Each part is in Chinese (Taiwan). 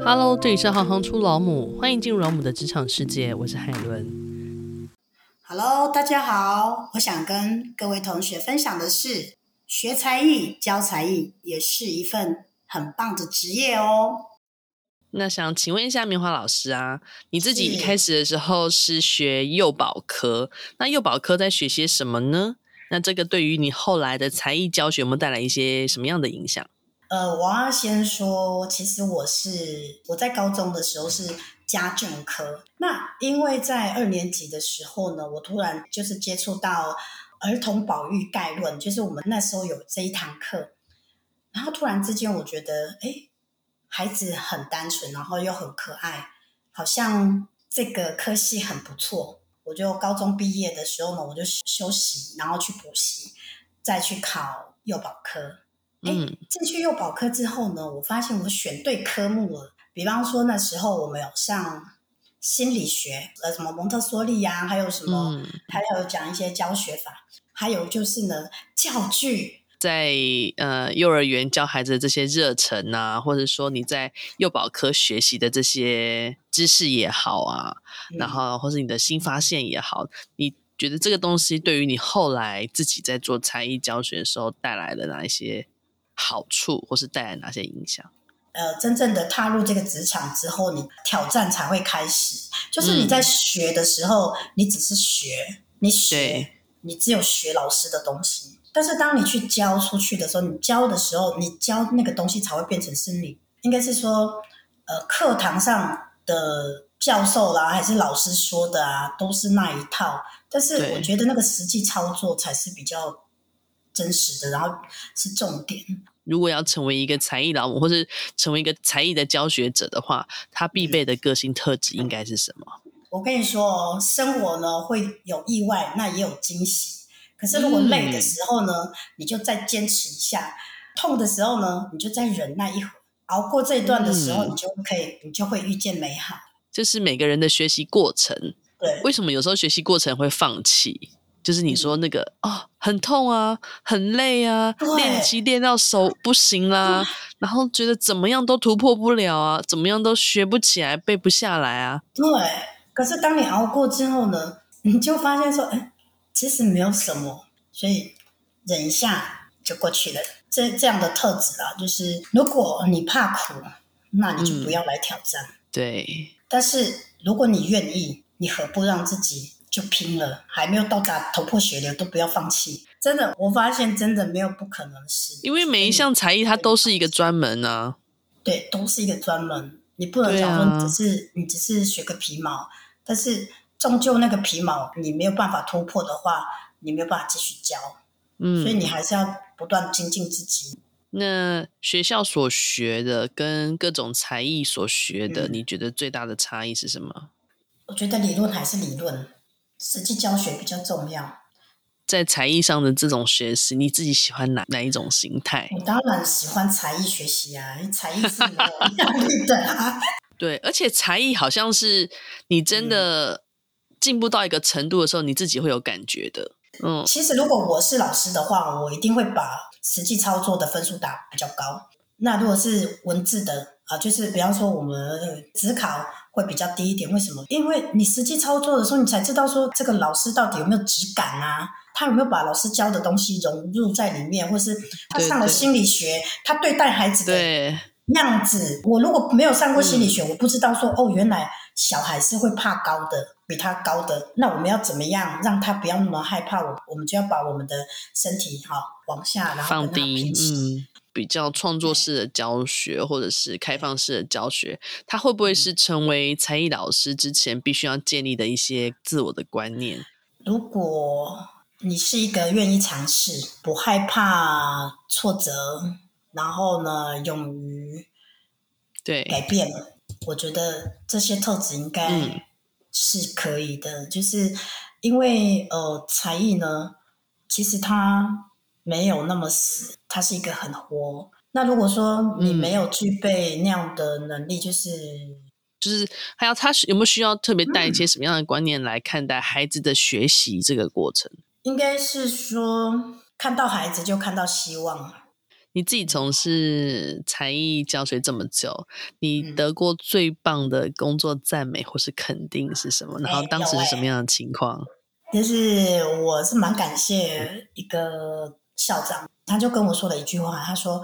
Hello，這裡是行行出老母，歡迎進入老母的職場世界，我是海倫。Hello，大家好，我想跟各位同學分享的是，學才藝、教才藝也是一份很棒的職業哦。那想請問一下明華老師啊，你自己一開始的時候是學幼保科，是那幼保科在學些什麼呢？那這個對於你後來的才藝教學有沒有帶來一些什麼樣的影響？呃，我要先說，其實我是我在高中的時候是家政科，那因為在二年級的時候呢，我突然就是接觸到兒童保育概論，就是我們那時候有這一堂課，然後突然之間我覺得，哎，孩子很單純，然後又很可愛，好像這個科系很不錯，我就高中畢業的時候呢，我就休息，然後去補習，再去考幼保科。哎，進去幼保科之後呢，我發現我選對科目了。比方說那時候我們有上心理學，呃，什麼蒙特梭利呀、啊，還有什麼，嗯、還有講一些教學法，還有就是呢，教具。在呃幼兒園教孩子的這些熱忱啊，或者說你在幼保科學習的這些知識也好啊，嗯、然後或是你的新發現也好，你覺得這個東西對於你後來自己在做才藝教學的時候帶來了哪一些？好處或是帶來哪些影響？呃，真正的踏入這個職場之後，你挑戰才會開始。就是你在學的時候，嗯、你只是學，你學，對你只有學老師的東西。但是當你去教出去的時候，你教的時候，你教那個東西才會變成是你。應該是說，呃，課堂上的教授啦、啊，還是老師說的啊，都是那一套。但是我覺得那個實際操作才是比較。真實的，然後是重點。如果要成為一個才藝老母，或是成為一個才藝的教學者的話，他必備的個性特質應該是什麼？嗯、我跟你說哦，生活呢會有意外，那也有驚喜。可是如果累的時候呢，嗯、你就再堅持一下；痛的時候呢，你就再忍耐一會，熬過這一段的時候，嗯、你就可以，你就會遇見美好。這是每個人的學習過程。對，為什麼有時候學習過程會放棄？就是你說那個哦，很痛啊，很累啊，對練琴練到手不行啦，對然後覺得怎麼樣都突破不了啊，怎麼樣都學不起來，背不下來啊。對，可是當你熬過之後呢，你就發現說，哎，其實沒有什麼，所以忍一下就過去了。這這樣的特質啦，就是如果你怕苦，那你就不要來挑戰。嗯、對，但是如果你願意，你何不讓自己，就拼了，還沒有到達頭破血流都不要放棄。真的，我發現真的沒有不可能的事，因為每一項才藝它都是一個專門啊，對，都是一個專門。你不能講說只是、啊、你只是學個皮毛，但是終究那個皮毛你沒有辦法突破的話，你沒有辦法繼續教。嗯，所以你還是要不斷精進自己。那學校所學的跟各種才藝所學的，嗯、你覺得最大的差異是什麼？我覺得理論還是理論。實際教學比較重要，在才藝上的這種學習，你自己喜歡哪哪一種形態？我當然喜歡才藝學習啊，才藝是必要的 對啊。對，而且才藝好像是你真的進步到一個程度的時候，你自己會有感覺的。嗯，嗯其實如果我是老師的話，我一定會把實際操作的分數打比較高。那如果是文字的啊，就是比方說我們只考。會比較低一點，為什麼？因為你實際操作的時候，你才知道說這個老師到底有沒有質感啊？他有沒有把老師教的東西融入在裡面，或是他上了心理學，對對，他對待孩子的樣子。對我如果沒有上過心理學，嗯、我不知道說哦，原來小孩是會怕高的，比他高的。那我們要怎麼樣讓他不要那麼害怕我？我我們就要把我們的身體哈往下，然後跟他平息放低。嗯比較創作式的教學，或者是開放式的教學，他會不會是成為才藝老師之前必須要建立的一些自我的觀念？如果你是一個願意嘗試、不害怕挫折，然後呢，勇於對改變，對我覺得這些特質應該是可以的。嗯、就是因為呃，才藝呢，其實它。沒有那麼死，他是一個很活。那如果說你沒有具備那樣的能力，就是嗯，就是就是還有他有沒有需要特別帶一些什麼樣的觀念來看待孩子的學習這個過程？應該是說看到孩子就看到希望。你自己從事才藝教學這麼久，你得過最棒的工作讚美或是肯定是什麼？然後當時是什麼樣的情況，欸欸？就是我是蠻感謝一個。校長他就跟我說了一句話，他說：“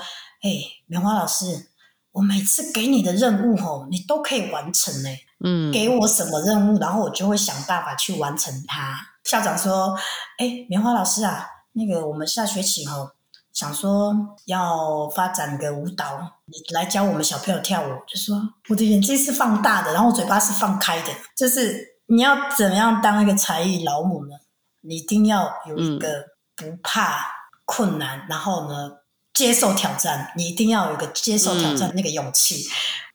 哎、欸，棉花老師，我每次給你的任務哦，你都可以完成嘞。嗯，給我什麼任務，然後我就會想辦法去完成它。”校長說：“哎、欸，棉花老師啊，那個我們下學期哦，想說要發展個舞蹈，你來教我們小朋友跳舞。”就說：“我的眼睛是放大的，然後我嘴巴是放開的，就是你要怎麼樣當一個才藝老母呢？你一定要有一個不怕、嗯。”困難，然後呢，接受挑戰，你一定要有個接受挑戰那個勇氣。嗯、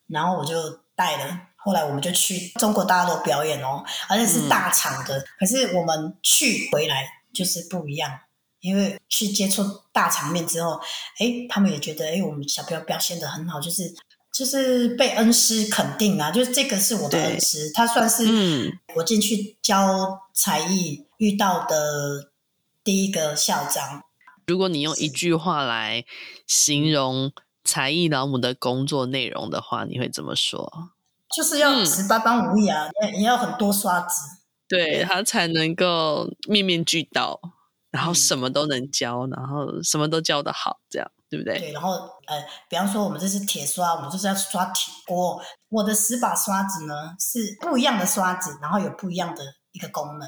然後我就帶了，後來我們就去中國大陸表演哦，而且是大場的。嗯、可是我們去回來就是不一樣，因為去接觸大場面之後，哎，他們也覺得，哎，我們小朋友表現得很好，就是就是被恩師肯定啊，就是這個是我的恩師，對他算是我進去教才藝遇到的第一個校長。如果你用一句話來形容才藝老母的工作內容的話，是你會怎麼說？就是要十八般武藝啊，也、嗯、要很多刷子，對，對他才能夠面面俱到，然後什麼都能教，嗯、然後什麼都教得好，這樣對不對？對，然後呃，比方說我們這是鐵刷，我們就是要刷鐵鍋。我的十把刷子呢，是不一樣的刷子，然後有不一樣的一個功能。